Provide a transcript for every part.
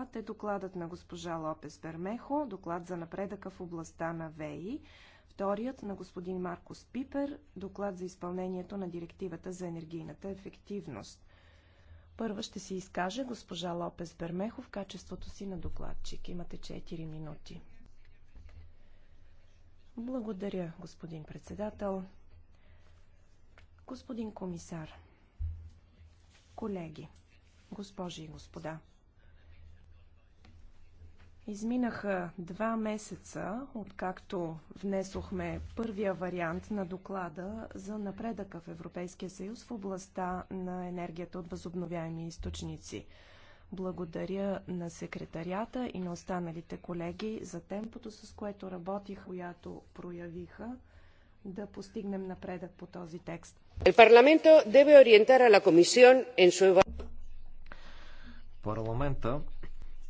доклад е докладът на госпожа Лопес Бермехо, доклад за напредъка в областта на ВЕИ. Вторият на господин Маркос Пипер, доклад за изпълнението на директивата за енергийната ефективност. Първа ще се изкаже госпожа Лопес Бермехо в качеството си на докладчик. Имате 4 минути. Благодаря, господин председател. Господин комисар, колеги, госпожи и господа, Изминаха два месеца, откакто внесохме първия вариант на доклада за напредъка в Европейския съюз в областта на енергията от възобновяеми източници. Благодаря на секретарията и на останалите колеги за темпото, с което работих, която проявиха да постигнем напредък по този текст. Парламента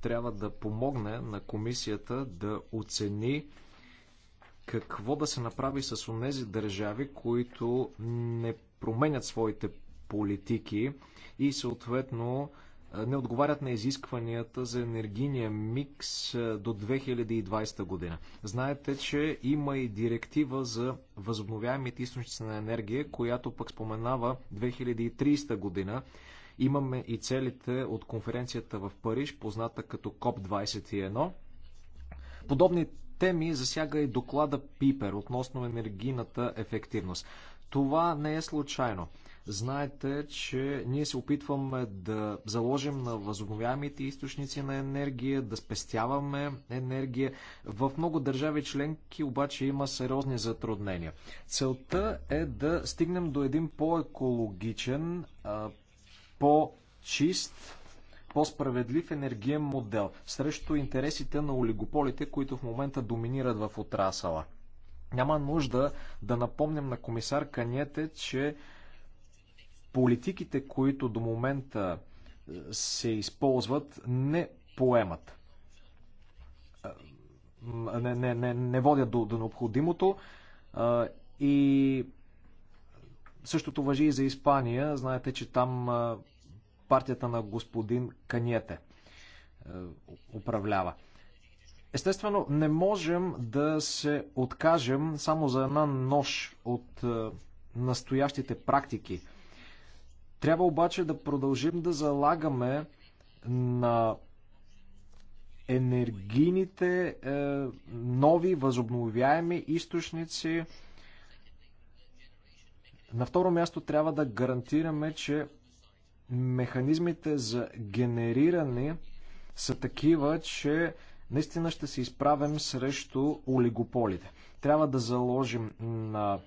трябва да помогне на комисията да оцени какво да се направи с онези държави, които не променят своите политики и съответно не отговарят на изискванията за енергийния микс до 2020 година. Знаете, че има и директива за възобновяемите източници на енергия, която пък споменава 2030 година. Имаме и целите от конференцията в Париж, позната като КОП-21. Подобни теми засяга и доклада Пипер относно енергийната ефективност. Това не е случайно. Знаете, че ние се опитваме да заложим на възобновяемите източници на енергия, да спестяваме енергия. В много държави членки обаче има сериозни затруднения. Целта е да стигнем до един по-екологичен, по-чист, по-справедлив енергиен модел срещу интересите на олигополите, които в момента доминират в отрасала. Няма нужда да напомням на комисар Каниете, че политиките, които до момента е, се използват, не поемат. Е, не, не, не, не водят до, до необходимото е, и Същото въжи и за Испания. Знаете, че там партията на господин Каниете управлява. Естествено, не можем да се откажем само за една нож от настоящите практики. Трябва обаче да продължим да залагаме на енергийните е, нови възобновяеми източници, на второ място трябва да гарантираме, че механизмите за генериране са такива, че наистина ще се изправим срещу олигополите. Трябва да заложим на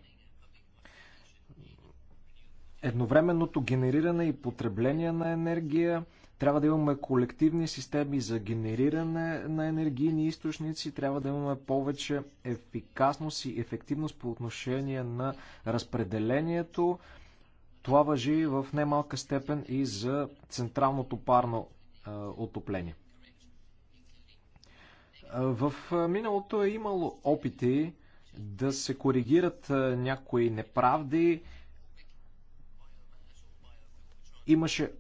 едновременното генериране и потребление на енергия, трябва да имаме колективни системи за генериране на енергийни източници, трябва да имаме повече ефикасност и ефективност по отношение на разпределението. Това въжи в немалка степен и за централното парно е, отопление. В миналото е имало опити да се коригират някои неправди. Имаше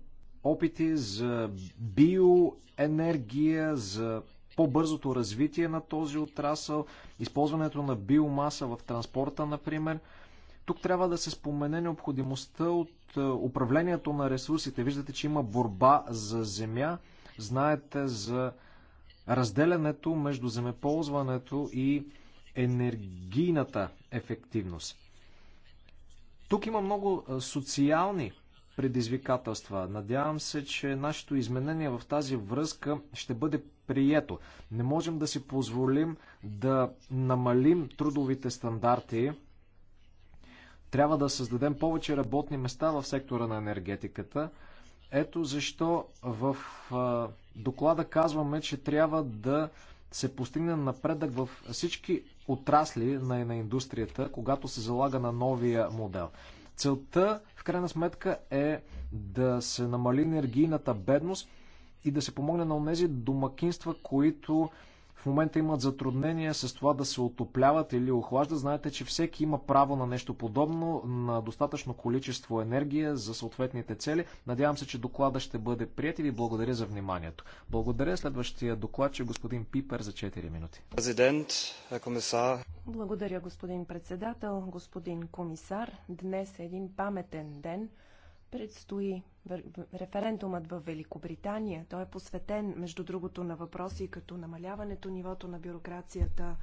опити за биоенергия, за по-бързото развитие на този отрасъл, използването на биомаса в транспорта, например. Тук трябва да се спомене необходимостта от е, управлението на ресурсите. Виждате, че има борба за земя. Знаете за разделянето между земеползването и енергийната ефективност. Тук има много е, социални предизвикателства. Надявам се, че нашето изменение в тази връзка ще бъде прието. Не можем да си позволим да намалим трудовите стандарти. Трябва да създадем повече работни места в сектора на енергетиката. Ето защо в доклада казваме, че трябва да се постигне напредък във всички отрасли на, на индустрията, когато се залага на новия модел. Целта, в крайна сметка, е да се намали енергийната бедност и да се помогне на онези домакинства, които в момента имат затруднения с това да се отопляват или охлаждат. Знаете, че всеки има право на нещо подобно, на достатъчно количество енергия за съответните цели. Надявам се, че доклада ще бъде прият и ви благодаря за вниманието. Благодаря. Следващия доклад, че господин Пипер за 4 минути. Президент, е, комисар. Благодаря, господин председател, господин комисар. Днес е един паметен ден – Предстои референдумът в Великобритания. Той е посветен, между другото, на въпроси като намаляването нивото на бюрокрацията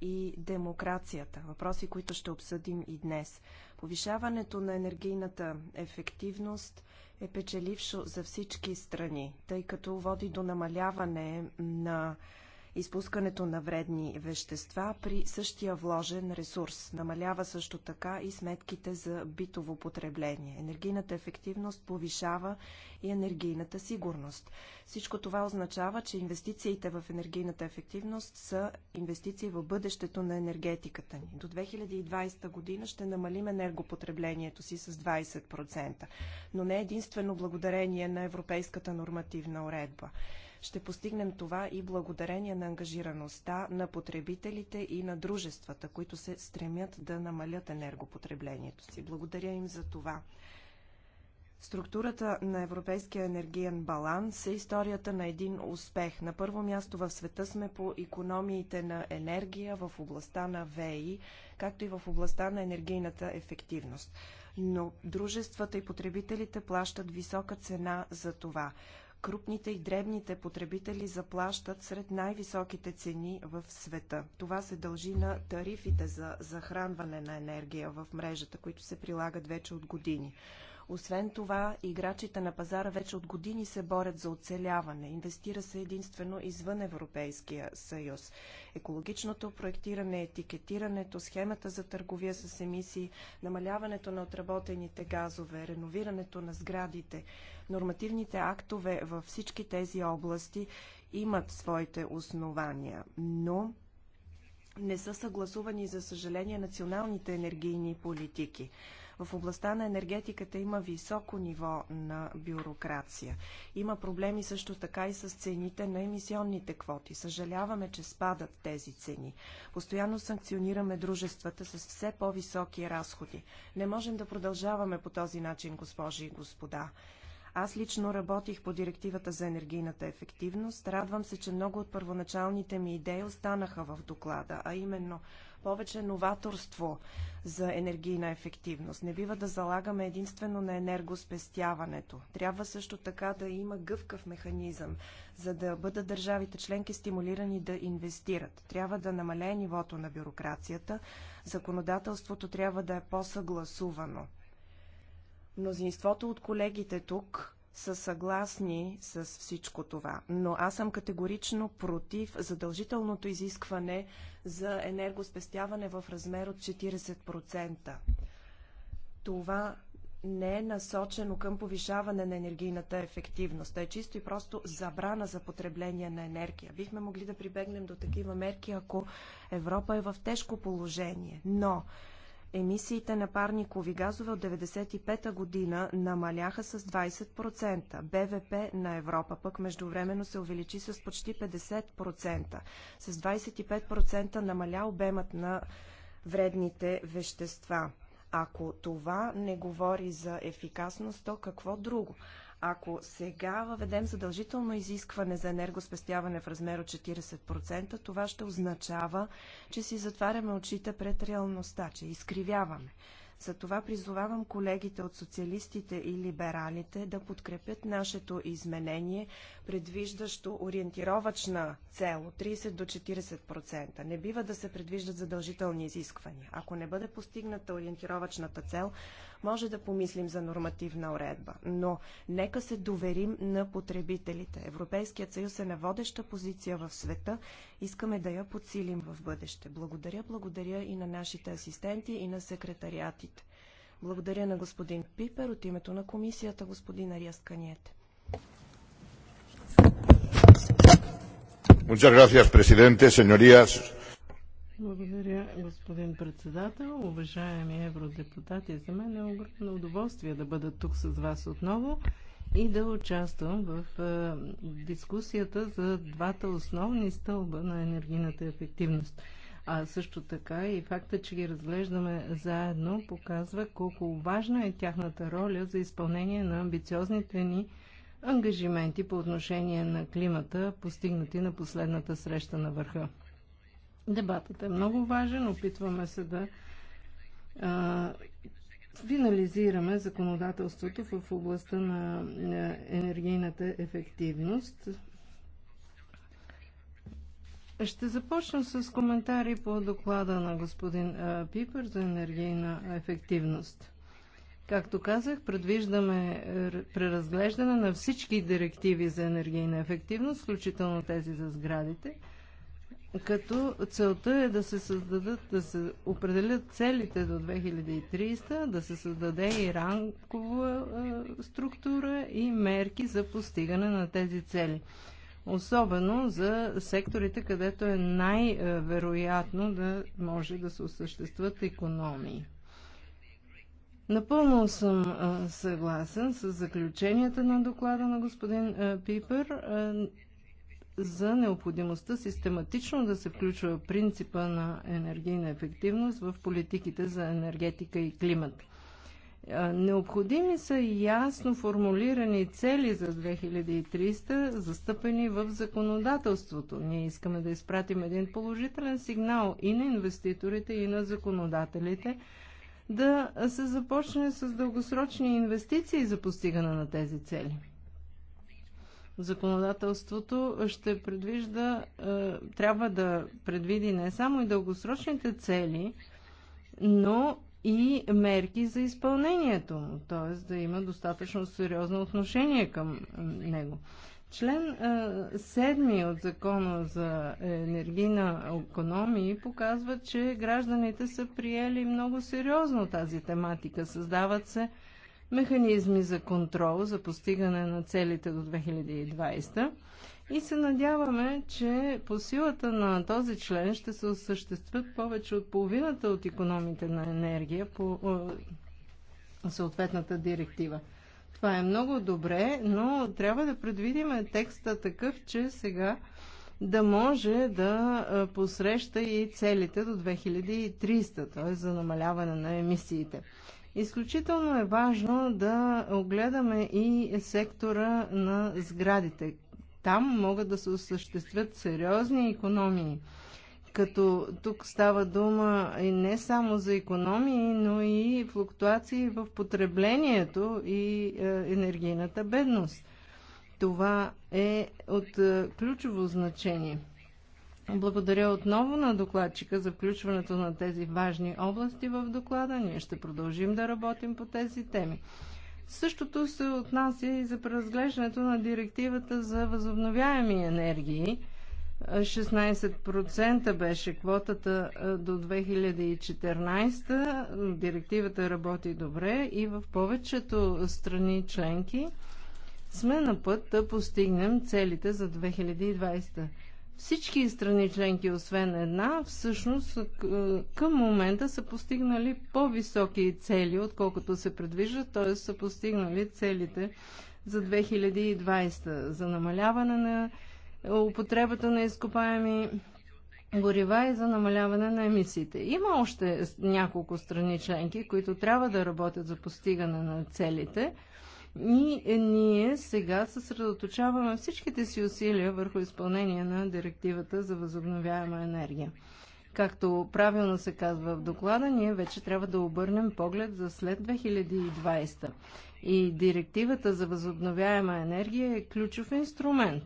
и демокрацията. Въпроси, които ще обсъдим и днес. Повишаването на енергийната ефективност е печелившо за всички страни, тъй като води до намаляване на изпускането на вредни вещества при същия вложен ресурс. Намалява също така и сметките за битово потребление. Енергийната ефективност повишава и енергийната сигурност. Всичко това означава, че инвестициите в енергийната ефективност са инвестиции в бъдещето на енергетиката ни. До 2020 година ще намалим енергопотреблението си с 20%, но не единствено благодарение на европейската нормативна уредба. Ще постигнем това и благодарение на ангажираността на потребителите и на дружествата, които се стремят да намалят енергопотреблението си. Благодаря им за това. Структурата на европейския енергиен баланс е историята на един успех. На първо място в света сме по економиите на енергия в областта на ВЕИ, както и в областта на енергийната ефективност. Но дружествата и потребителите плащат висока цена за това крупните и дребните потребители заплащат сред най-високите цени в света. Това се дължи на тарифите за захранване на енергия в мрежата, които се прилагат вече от години. Освен това, играчите на пазара вече от години се борят за оцеляване. Инвестира се единствено извън Европейския съюз. Екологичното проектиране, етикетирането, схемата за търговия с емисии, намаляването на отработените газове, реновирането на сградите, нормативните актове във всички тези области имат своите основания, но не са съгласувани, за съжаление, националните енергийни политики. В областта на енергетиката има високо ниво на бюрокрация. Има проблеми също така и с цените на емисионните квоти. Съжаляваме, че спадат тези цени. Постоянно санкционираме дружествата с все по-високи разходи. Не можем да продължаваме по този начин, госпожи и господа. Аз лично работих по директивата за енергийната ефективност. Радвам се, че много от първоначалните ми идеи останаха в доклада, а именно повече новаторство за енергийна ефективност. Не бива да залагаме единствено на енергоспестяването. Трябва също така да има гъвкав механизъм, за да бъдат държавите членки стимулирани да инвестират. Трябва да намалее нивото на бюрокрацията. Законодателството трябва да е по-съгласувано. Мнозинството от колегите тук са съгласни с всичко това, но аз съм категорично против задължителното изискване за енергоспестяване в размер от 40%. Това не е насочено към повишаване на енергийната ефективност, Това е чисто и просто забрана за потребление на енергия. Бихме могли да прибегнем до такива мерки, ако Европа е в тежко положение, но Емисиите на парникови газове от 1995 година намаляха с 20%. БВП на Европа пък междувременно се увеличи с почти 50%. С 25% намаля обемът на вредните вещества. Ако това не говори за ефикасност, то какво друго? Ако сега въведем задължително изискване за енергоспестяване в размер от 40%, това ще означава, че си затваряме очите пред реалността, че изкривяваме затова призовавам колегите от социалистите и либералите да подкрепят нашето изменение, предвиждащо ориентировачна цел от 30 до 40%. Не бива да се предвиждат задължителни изисквания. Ако не бъде постигната ориентировачната цел, може да помислим за нормативна уредба. Но нека се доверим на потребителите. Европейският съюз е на водеща позиция в света. Искаме да я подсилим в бъдеще. Благодаря, благодаря и на нашите асистенти и на секретариати благодаря на господин Пипер от името на комисията, господин Ариас Каниете. Благодаря, господин председател. Уважаеми евродепутати, за мен е огромно удоволствие да бъда тук с вас отново и да участвам в е, дискусията за двата основни стълба на енергийната ефективност. А също така и факта, че ги разглеждаме заедно, показва колко важна е тяхната роля за изпълнение на амбициозните ни ангажименти по отношение на климата, постигнати на последната среща на върха. Дебатът е много важен. Опитваме се да а, финализираме законодателството в областта на енергийната ефективност. Ще започна с коментари по доклада на господин Пипер за енергийна ефективност. Както казах, предвиждаме преразглеждане на всички директиви за енергийна ефективност, включително тези за сградите, като целта е да се създадат, да се определят целите до 2300, да се създаде и ранкова структура и мерки за постигане на тези цели особено за секторите, където е най-вероятно да може да се осъществят економии. Напълно съм съгласен с заключенията на доклада на господин Пипер за необходимостта систематично да се включва принципа на енергийна ефективност в политиките за енергетика и климат. Необходими са ясно формулирани цели за 2300, застъпени в законодателството. Ние искаме да изпратим един положителен сигнал и на инвеститорите, и на законодателите, да се започне с дългосрочни инвестиции за постигане на тези цели. Законодателството ще предвижда, трябва да предвиди не само и дългосрочните цели, но и мерки за изпълнението му, т.е. да има достатъчно сериозно отношение към него. Член 7 от закона за енергийна економия показва, че гражданите са приели много сериозно тази тематика. Създават се механизми за контрол за постигане на целите до 2020 и се надяваме, че по силата на този член ще се осъществят повече от половината от економите на енергия по съответната директива. Това е много добре, но трябва да предвидим текста такъв, че сега да може да посреща и целите до 2300, т.е. за намаляване на емисиите. Изключително е важно да огледаме и сектора на сградите там могат да се осъществят сериозни економии. Като тук става дума и не само за економии, но и флуктуации в потреблението и е, енергийната бедност. Това е от е, ключово значение. Благодаря отново на докладчика за включването на тези важни области в доклада. Ние ще продължим да работим по тези теми. Същото се отнася и за преразглеждането на директивата за възобновяеми енергии. 16% беше квотата до 2014. Директивата работи добре и в повечето страни членки сме на път да постигнем целите за 2020. Всички страни членки, освен една, всъщност е, към момента са постигнали по-високи цели, отколкото се предвиждат, т.е. са постигнали целите за 2020 за намаляване на употребата на изкопаеми горива и за намаляване на емисиите. Има още няколко страни членки, които трябва да работят за постигане на целите – и ние сега съсредоточаваме всичките си усилия върху изпълнение на директивата за възобновяема енергия. Както правилно се казва в доклада, ние вече трябва да обърнем поглед за след 2020. И директивата за възобновяема енергия е ключов инструмент.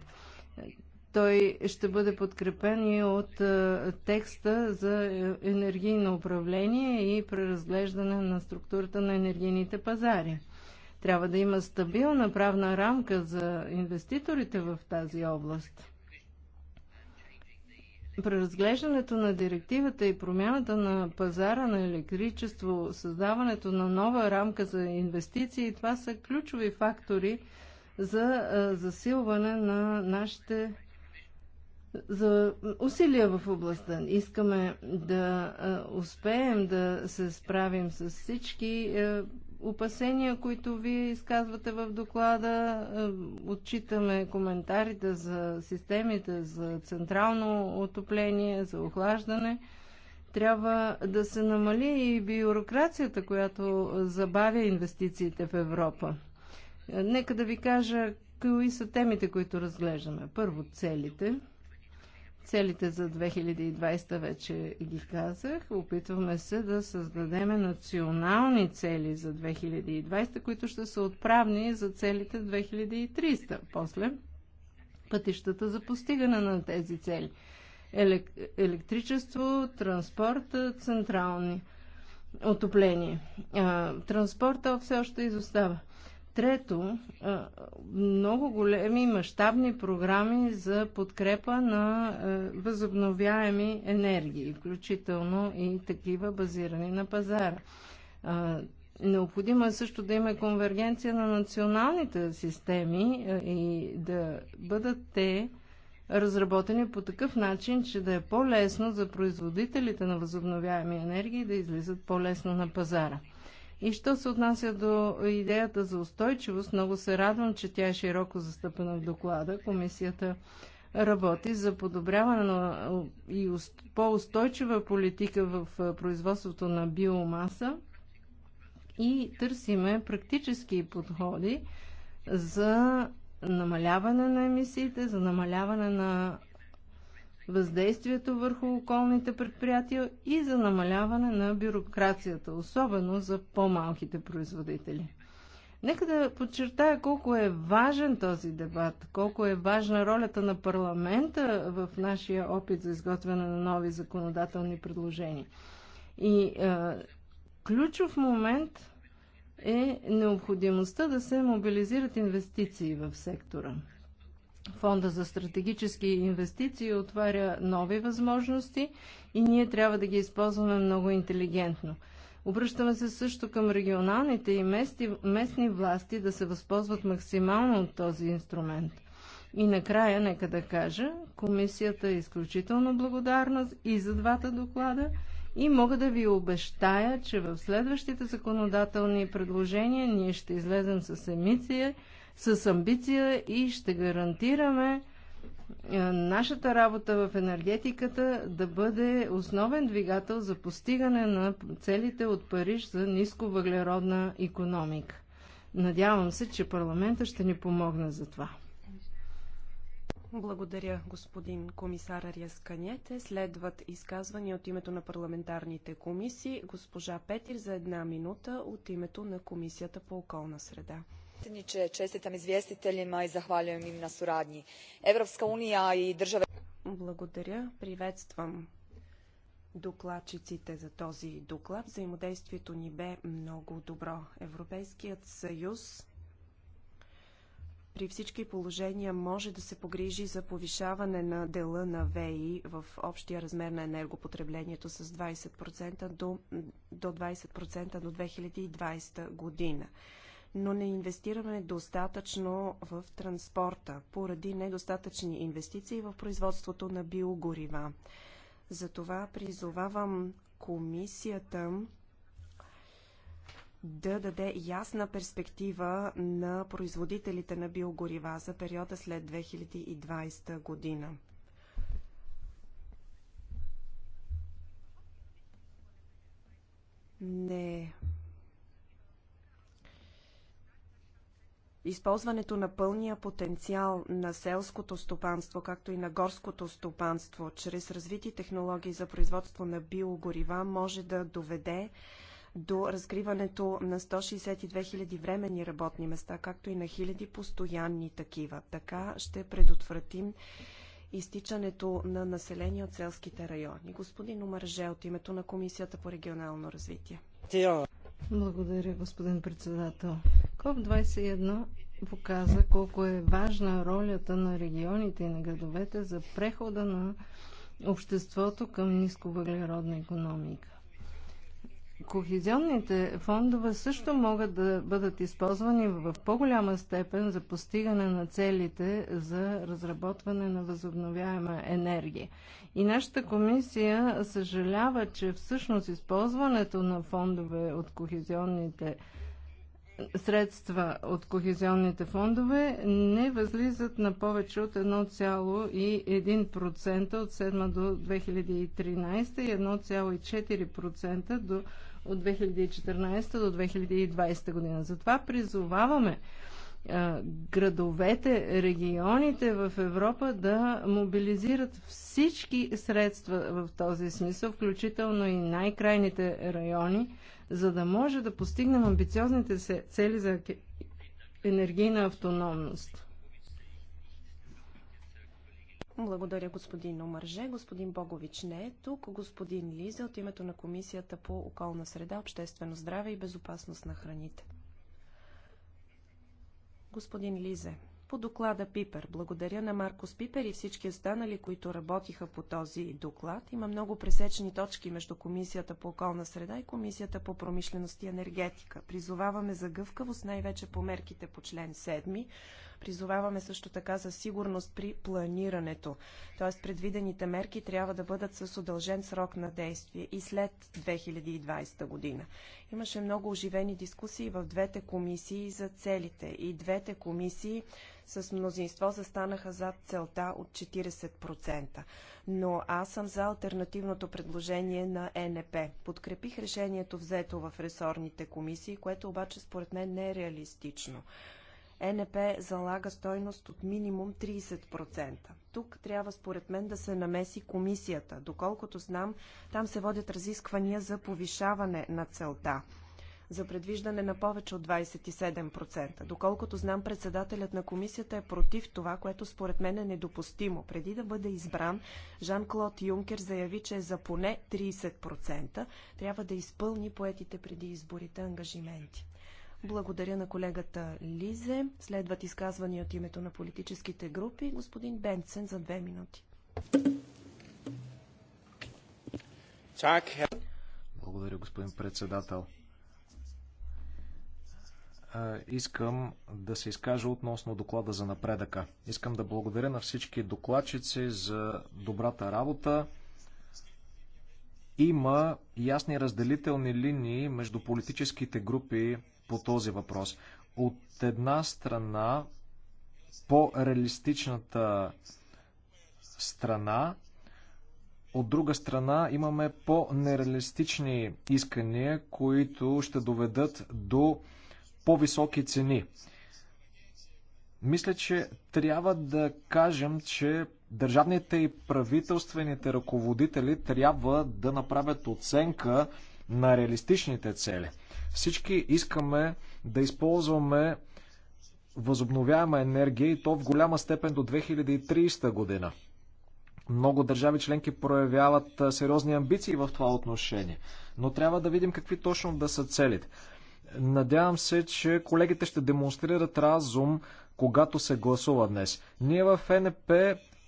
Той ще бъде подкрепен и от е, текста за е, енергийно управление и преразглеждане на структурата на енергийните пазари. Трябва да има стабилна правна рамка за инвеститорите в тази област. Преразглеждането на директивата и промяната на пазара на електричество, създаването на нова рамка за инвестиции, това са ключови фактори за засилване на нашите за усилия в областта. Искаме да успеем да се справим с всички опасения, които вие изказвате в доклада, е, отчитаме коментарите за системите за централно отопление, за охлаждане. Трябва да се намали и бюрокрацията, която забавя инвестициите в Европа. Е, нека да ви кажа кои са темите, които разглеждаме. Първо, целите – Целите за 2020 вече ги казах. Опитваме се да създадем национални цели за 2020, които ще са отправни за целите 2300. После пътищата за постигане на тези цели. Елек... Електричество, транспорт, централни отопление. А, транспорта все още изостава. Трето, много големи мащабни програми за подкрепа на възобновяеми енергии, включително и такива базирани на пазара. Необходимо е също да има конвергенция на националните системи и да бъдат те разработени по такъв начин, че да е по-лесно за производителите на възобновяеми енергии да излизат по-лесно на пазара. И що се отнася до идеята за устойчивост, много се радвам, че тя е широко застъпена в доклада. Комисията работи за подобряване на и по-устойчива политика в производството на биомаса и търсиме практически подходи за намаляване на емисиите, за намаляване на въздействието върху околните предприятия и за намаляване на бюрокрацията, особено за по-малките производители. Нека да подчертая колко е важен този дебат, колко е важна ролята на парламента в нашия опит за изготвяне на нови законодателни предложения. И е, ключов момент е необходимостта да се мобилизират инвестиции в сектора. Фонда за стратегически инвестиции отваря нови възможности и ние трябва да ги използваме много интелигентно. Обръщаме се също към регионалните и местни, местни власти да се възползват максимално от този инструмент. И накрая, нека да кажа, комисията е изключително благодарна и за двата доклада и мога да ви обещая, че в следващите законодателни предложения ние ще излезем с емиция с амбиция и ще гарантираме е, нашата работа в енергетиката да бъде основен двигател за постигане на целите от Париж за ниско въглеродна економика. Надявам се, че парламента ще ни помогне за това. Благодаря, господин комисар Ариас Следват изказвания от името на парламентарните комисии. Госпожа Петир за една минута от името на Комисията по околна среда predsjednie estitam izvjestiteljima i zahvaljujem im na suradnji. europska unija и държаве. Благодаря. Приветствам докладчиците за този доклад. Взаимодействието ни бе много добро. Европейският съюз при всички положения може да се погрижи за повишаване на дела на ВЕИ в общия размер на енергопотреблението с 20% до, до 20% до 2020 година но не инвестираме достатъчно в транспорта, поради недостатъчни инвестиции в производството на биогорива. Затова призовавам комисията да даде ясна перспектива на производителите на биогорива за периода след 2020 година. Не използването на пълния потенциал на селското стопанство, както и на горското стопанство, чрез развити технологии за производство на биогорива, може да доведе до разкриването на 162 000 временни работни места, както и на хиляди постоянни такива. Така ще предотвратим изтичането на население от селските райони. Господин Омарже от името на Комисията по регионално развитие. Благодаря, господин председател. КОП-21 показа колко е важна ролята на регионите и на градовете за прехода на обществото към нисковъглеродна економика. Кохезионните фондове също могат да бъдат използвани в по-голяма степен за постигане на целите за разработване на възобновяема енергия. И нашата комисия съжалява, че всъщност използването на фондове от кохезионните фондове средства от кохезионните фондове не възлизат на повече от 1,1% от 7 до 2013 и 1,4% до, от 2014 до 2020 година. Затова призоваваме градовете, регионите в Европа да мобилизират всички средства в този смисъл, включително и най-крайните райони, за да може да постигнем амбициозните се цели за енергийна автономност. Благодаря, господин Омърже. Господин Богович не е тук. Господин Лиза от името на Комисията по околна среда, обществено здраве и безопасност на храните. Господин Лизе по доклада Пипер. Благодаря на Маркос Пипер и всички останали, които работиха по този доклад. Има много пресечни точки между Комисията по околна среда и Комисията по промишленост и енергетика. Призоваваме за гъвкавост най-вече по мерките по член 7 Призоваваме също така за сигурност при планирането. Т.е. предвидените мерки трябва да бъдат с удължен срок на действие и след 2020 година. Имаше много оживени дискусии в двете комисии за целите. И двете комисии с мнозинство застанаха зад целта от 40%. Но аз съм за альтернативното предложение на ЕНП. Подкрепих решението взето в ресорните комисии, което обаче според мен не е реалистично. НП залага стойност от минимум 30%. Тук трябва според мен да се намеси комисията. Доколкото знам, там се водят разисквания за повишаване на целта за предвиждане на повече от 27%. Доколкото знам, председателят на комисията е против това, което според мен е недопустимо. Преди да бъде избран, Жан-Клод Юнкер заяви, че е за поне 30%. Трябва да изпълни поетите преди изборите ангажименти. Благодаря на колегата Лизе. Следват изказвания от името на политическите групи. Господин Бенцен за две минути. Благодаря, господин председател. Искам да се изкажа относно доклада за напредъка. Искам да благодаря на всички докладчици за добрата работа има ясни разделителни линии между политическите групи по този въпрос. От една страна, по-реалистичната страна, от друга страна имаме по-нереалистични искания, които ще доведат до по-високи цени. Мисля, че трябва да кажем, че държавните и правителствените ръководители трябва да направят оценка на реалистичните цели. Всички искаме да използваме възобновяема енергия и то в голяма степен до 2030 година. Много държави членки проявяват сериозни амбиции в това отношение, но трябва да видим какви точно да са целите. Надявам се, че колегите ще демонстрират разум, когато се гласува днес. Ние в НП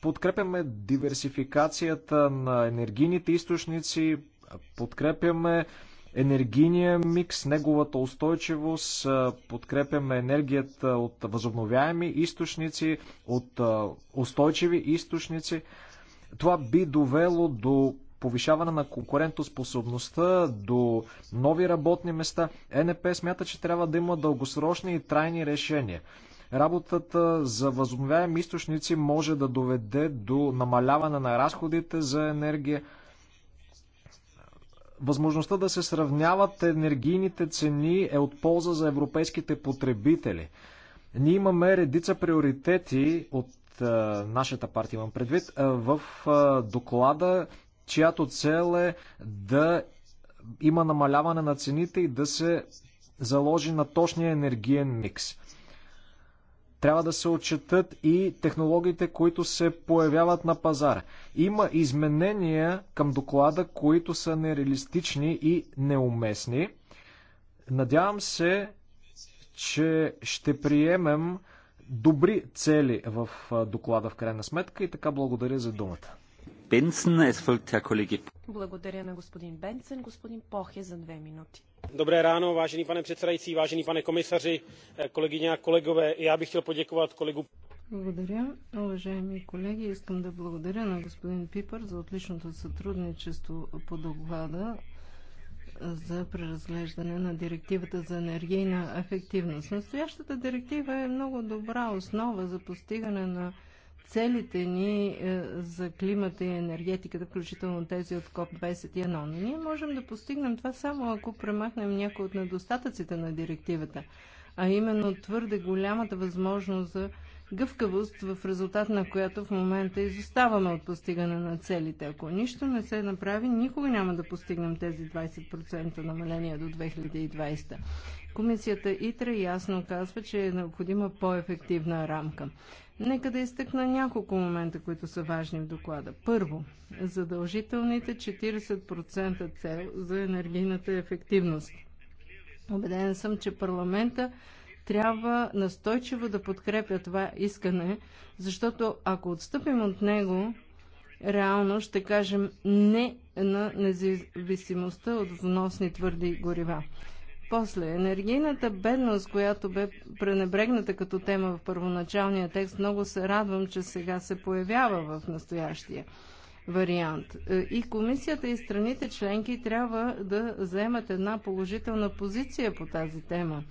подкрепяме диверсификацията на енергийните източници, подкрепяме енергийния микс, неговата устойчивост, подкрепяме енергията от възобновяеми източници, от устойчиви източници. Това би довело до повишаване на конкурентоспособността, до нови работни места. Е НП смята, че трябва да има дългосрочни и трайни решения. Работата за възобновяеми източници може да доведе до намаляване на разходите за енергия, Възможността да се сравняват енергийните цени е от полза за европейските потребители. Ние имаме редица приоритети от е, нашата партия, имам предвид, е, в е, доклада, чиято цел е да има намаляване на цените и да се заложи на точния енергиен микс. Трябва да се отчетат и технологиите, които се появяват на пазара. Има изменения към доклада, които са нереалистични и неуместни. Надявам се, че ще приемем добри цели в доклада в крайна сметка и така благодаря за думата. Бенсен, е колеги. Благодаря на господин Бенсен. Господин Похе за две минути pane předsedající pane komisaři eh, kolegyně a kolegové i já bych chtěl poděkovat kolegům. Благодаря. Уважаеми колеги, искам да благодаря на господин Пипър за отличното сътрудничество по доклада за преразглеждане на директивата за енергийна ефективност. Настоящата директива е много добра основа за постигане на целите ни е, за климата и енергетиката, включително тези от КОП-21. Но ние можем да постигнем това само ако премахнем някои от недостатъците на директивата, а именно твърде голямата възможност за гъвкавост, в резултат на която в момента изоставаме от постигане на целите. Ако нищо не се направи, никога няма да постигнем тези 20% намаления до 2020. Комисията ИТРА ясно казва, че е необходима по-ефективна рамка. Нека да изтъкна няколко момента, които са важни в доклада. Първо, задължителните 40% цел за енергийната ефективност. Обеден съм, че парламента трябва настойчиво да подкрепя това искане, защото ако отстъпим от него, реално ще кажем не на независимостта от вносни твърди горива. После, енергийната бедност, която бе пренебрегната като тема в първоначалния текст, много се радвам, че сега се появява в настоящия вариант. Е, и комисията и страните членки трябва да заемат една положителна позиция по тази тема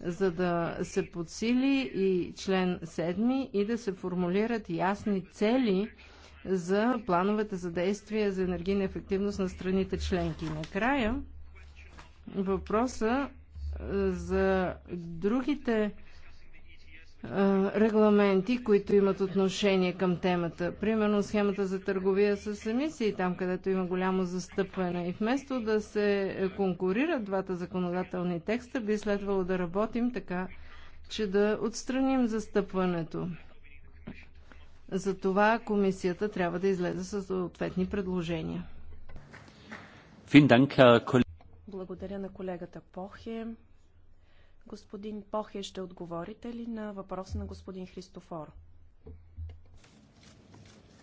за да се подсили и член 7 и да се формулират ясни цели за плановете за действие за енергийна ефективност на страните членки. Накрая въпроса е, за другите регламенти, които имат отношение към темата. Примерно схемата за търговия с емисии, там където има голямо застъпване. И вместо да се конкурират двата законодателни текста, би следвало да работим така, че да отстраним застъпването. Затова комисията трябва да излезе с съответни предложения. Благодаря на колегата Похе. Господин Похе, ще отговорите ли на въпроса на господин Христофор?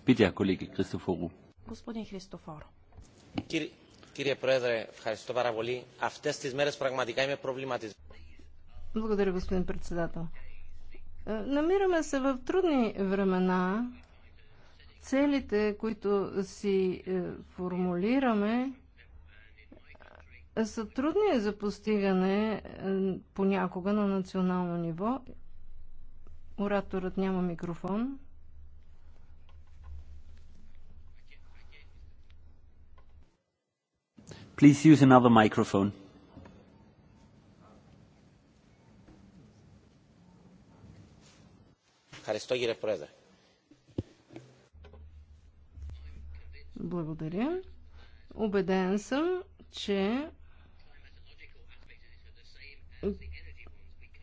Питя, колеги, Христофору. Господин Христофор. Кирия Проедре, ευχαριστώ А в тези измери с прагматика има е προβληματισμένος. Благодаря, господин председател. Е, намираме се в трудни времена. Целите, които си е, формулираме, са трудни е за постигане е, понякога на национално ниво. Ораторът няма микрофон. Please use another microphone. Благодаря. Убеден съм, че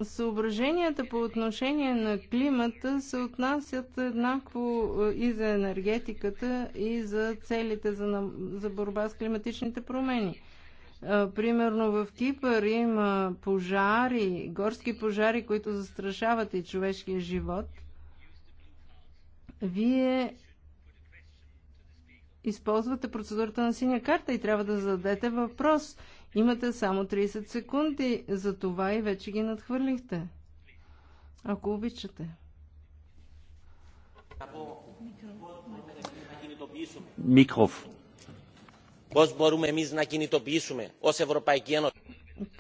Съображенията по отношение на климата се отнасят еднакво е, и за енергетиката, и за целите за, за борба с климатичните промени. Е, примерно в Кипър има пожари, горски пожари, които застрашават и човешкия живот. Вие използвате процедурата на синя карта и трябва да зададете въпрос – Имате само 30 секунди за това и вече ги надхвърлихте. Ако обичате. Микроф.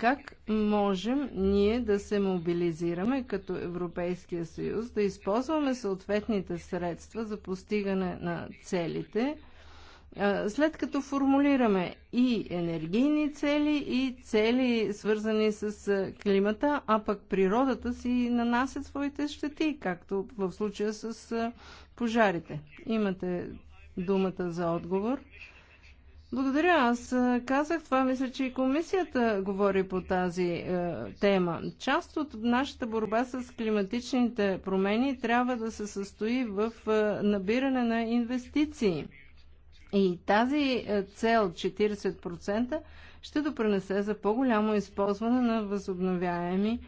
Как можем ние да се мобилизираме като Европейския съюз, да използваме съответните средства за постигане на целите – след като формулираме и енергийни цели, и цели свързани с климата, а пък природата си нанасят своите щети, както в случая с пожарите. Имате думата за отговор. Благодаря. Аз казах това. Мисля, че и комисията говори по тази е, тема. Част от нашата борба с климатичните промени трябва да се състои в е, набиране на инвестиции. И тази е, цел 40% ще допринесе за по-голямо използване на възобновяеми е,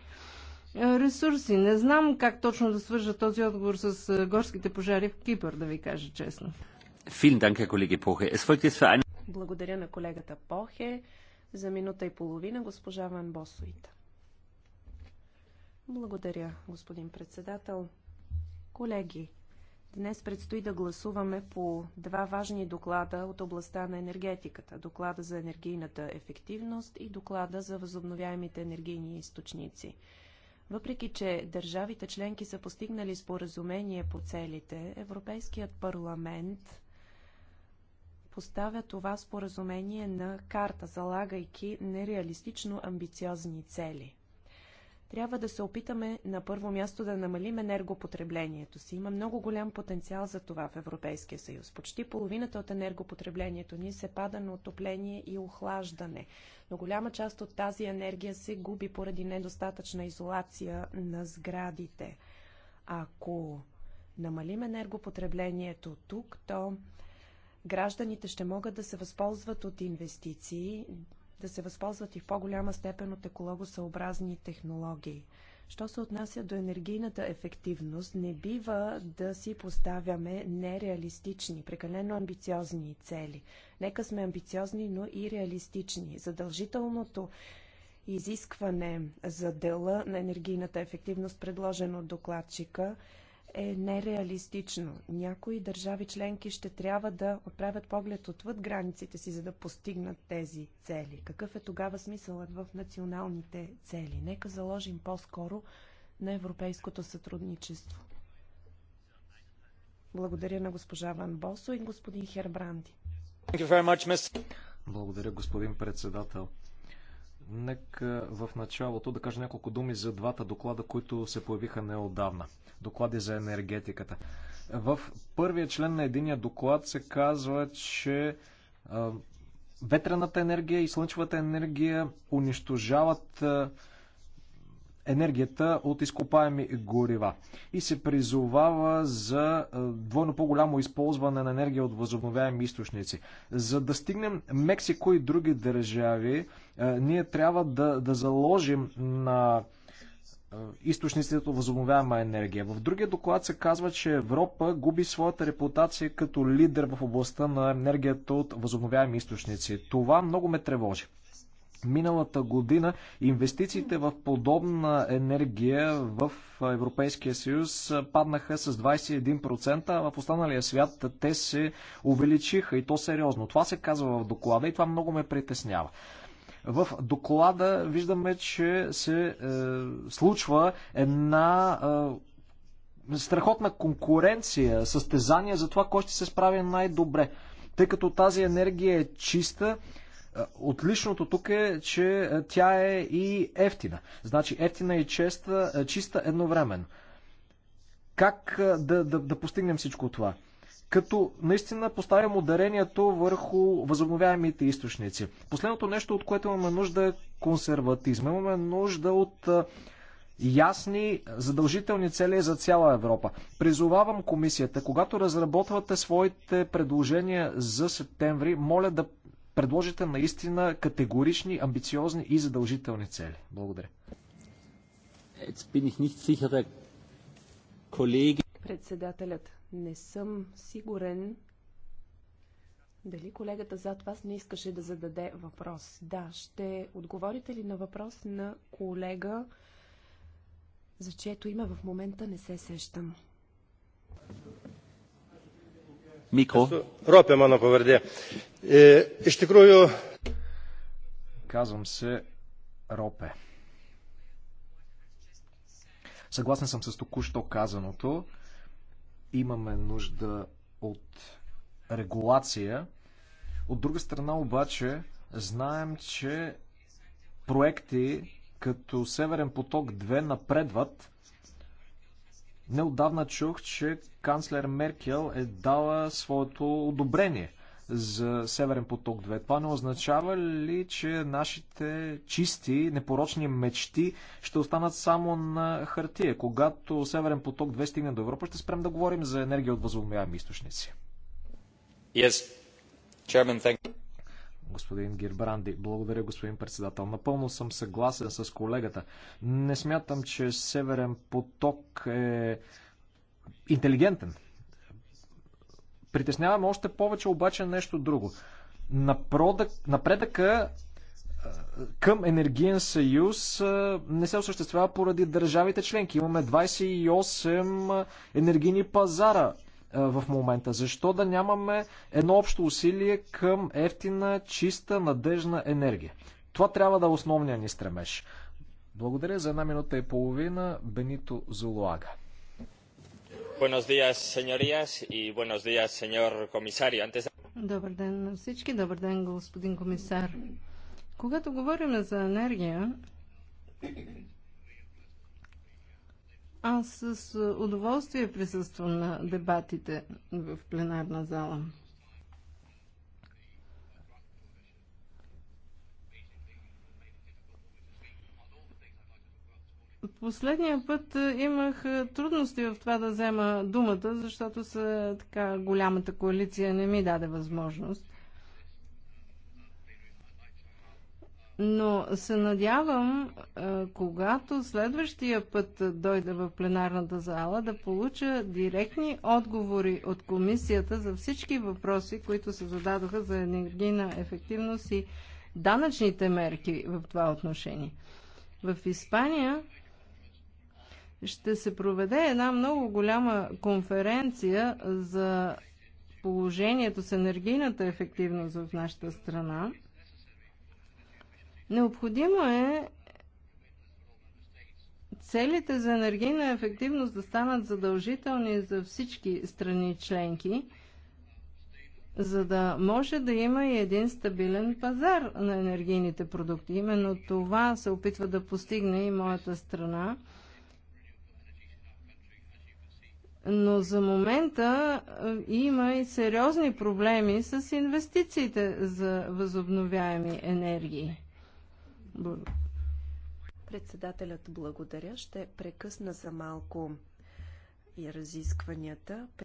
ресурси. Не знам как точно да свържа този отговор с е, горските пожари в Кипър, да ви кажа честно. Благодаря на колегата Похе. За минута и половина госпожа Ван Босуита. Благодаря, господин председател. Колеги, Днес предстои да гласуваме по два важни доклада от областта на енергетиката. Доклада за енергийната ефективност и доклада за възобновяемите енергийни източници. Въпреки, че държавите членки са постигнали споразумение по целите, Европейският парламент поставя това споразумение на карта, залагайки нереалистично амбициозни цели – трябва да се опитаме на първо място да намалим енергопотреблението си. Има много голям потенциал за това в Европейския съюз. Почти половината от енергопотреблението ни се пада на отопление и охлаждане. Но голяма част от тази енергия се губи поради недостатъчна изолация на сградите. Ако намалим енергопотреблението тук, то гражданите ще могат да се възползват от инвестиции, да се възползват и в по-голяма степен от екологосъобразни технологии. Що се отнася до енергийната ефективност, не бива да си поставяме нереалистични, прекалено амбициозни цели. Нека сме амбициозни, но и реалистични. Задължителното изискване за дела на енергийната ефективност, предложено от докладчика, е нереалистично. Някои държави членки ще трябва да отправят поглед отвъд границите си, за да постигнат тези цели. Какъв е тогава смисълът в националните цели? Нека заложим по-скоро на европейското сътрудничество. Благодаря на госпожа Ван Босо и господин Хербранди. Благодаря, господин председател. Нека в началото да кажа няколко думи за двата доклада, които се появиха неодавна. Доклади за енергетиката. В първия член на единия доклад се казва, че ветрената енергия и слънчевата енергия унищожават енергията от изкопаеми горива и се призовава за двойно по-голямо използване на енергия от възобновяеми източници. За да стигнем Мексико и други държави, ние трябва да, да заложим на източниците от възобновяема енергия. В другия доклад се казва, че Европа губи своята репутация като лидер в областта на енергията от възобновяеми източници. Това много ме тревожи. Миналата година инвестициите в подобна енергия в Европейския съюз паднаха с 21%, а в останалия свят те се увеличиха и то сериозно. Това се казва в доклада и това много ме притеснява. В доклада виждаме, че се е, случва една е, страхотна конкуренция, състезание за това кой ще се справи най-добре. Тъй като тази енергия е чиста, е, отличното тук е, че е, тя е и ефтина. Значи ефтина и честа, е, чиста едновременно. Как да, да, да постигнем всичко това? като наистина поставям ударението върху възобновяемите източници. Последното нещо, от което имаме нужда е консерватизма. Имаме нужда от ясни задължителни цели за цяла Европа. Призовавам комисията, когато разработвате своите предложения за септември, моля да предложите наистина категорични, амбициозни и задължителни цели. Благодаря. Председателят, не съм сигурен дали колегата зад вас не искаше да зададе въпрос. Да, ще отговорите ли на въпрос на колега, за чието име в момента не се сещам? Mikro. mano pavardė. Iš tikrųjų. Казвам се Ропе. Съгласен съм с току-що казаното. Имаме нужда от регулация. От друга страна обаче знаем, че проекти като Северен поток 2 напредват, Неодавна чух, че канцлер Меркел е дала своето одобрение за Северен поток 2. Това не означава ли, че нашите чисти, непорочни мечти ще останат само на хартия? Когато Северен поток 2 стигне до Европа, ще спрем да говорим за енергия от възобновяеми източници. Yes. Chairman, thank you господин Гирбранди. Благодаря, господин председател. Напълно съм съгласен с колегата. Не смятам, че Северен поток е интелигентен. Притесняваме още повече обаче нещо друго. напредъка към енергиен съюз не се осъществява поради държавите членки. Имаме 28 енергийни пазара в момента. Защо да нямаме едно общо усилие към ефтина, чиста, надежна енергия? Това трябва да е основния ни стремеж. Благодаря за една минута и половина. Бенито Зулуага. Добър ден на всички. Добър ден, господин комисар. Когато говорим за енергия, аз с е, удоволствие присъствам на дебатите в пленарна зала. Последния път е, имах е, трудности в това да взема думата, защото са така голямата коалиция не ми даде възможност. но се надявам, когато следващия път дойда в пленарната зала, да получа директни отговори от комисията за всички въпроси, които се зададоха за енергийна ефективност и данъчните мерки в това отношение. В Испания ще се проведе една много голяма конференция за положението с енергийната ефективност в нашата страна. Необходимо е целите за енергийна ефективност да станат задължителни за всички страни членки, за да може да има и един стабилен пазар на енергийните продукти. Именно това се опитва да постигне и моята страна. Но за момента е, има и сериозни проблеми с инвестициите за възобновяеми енергии. Председателят благодаря. Ще прекъсна за малко и разискванията.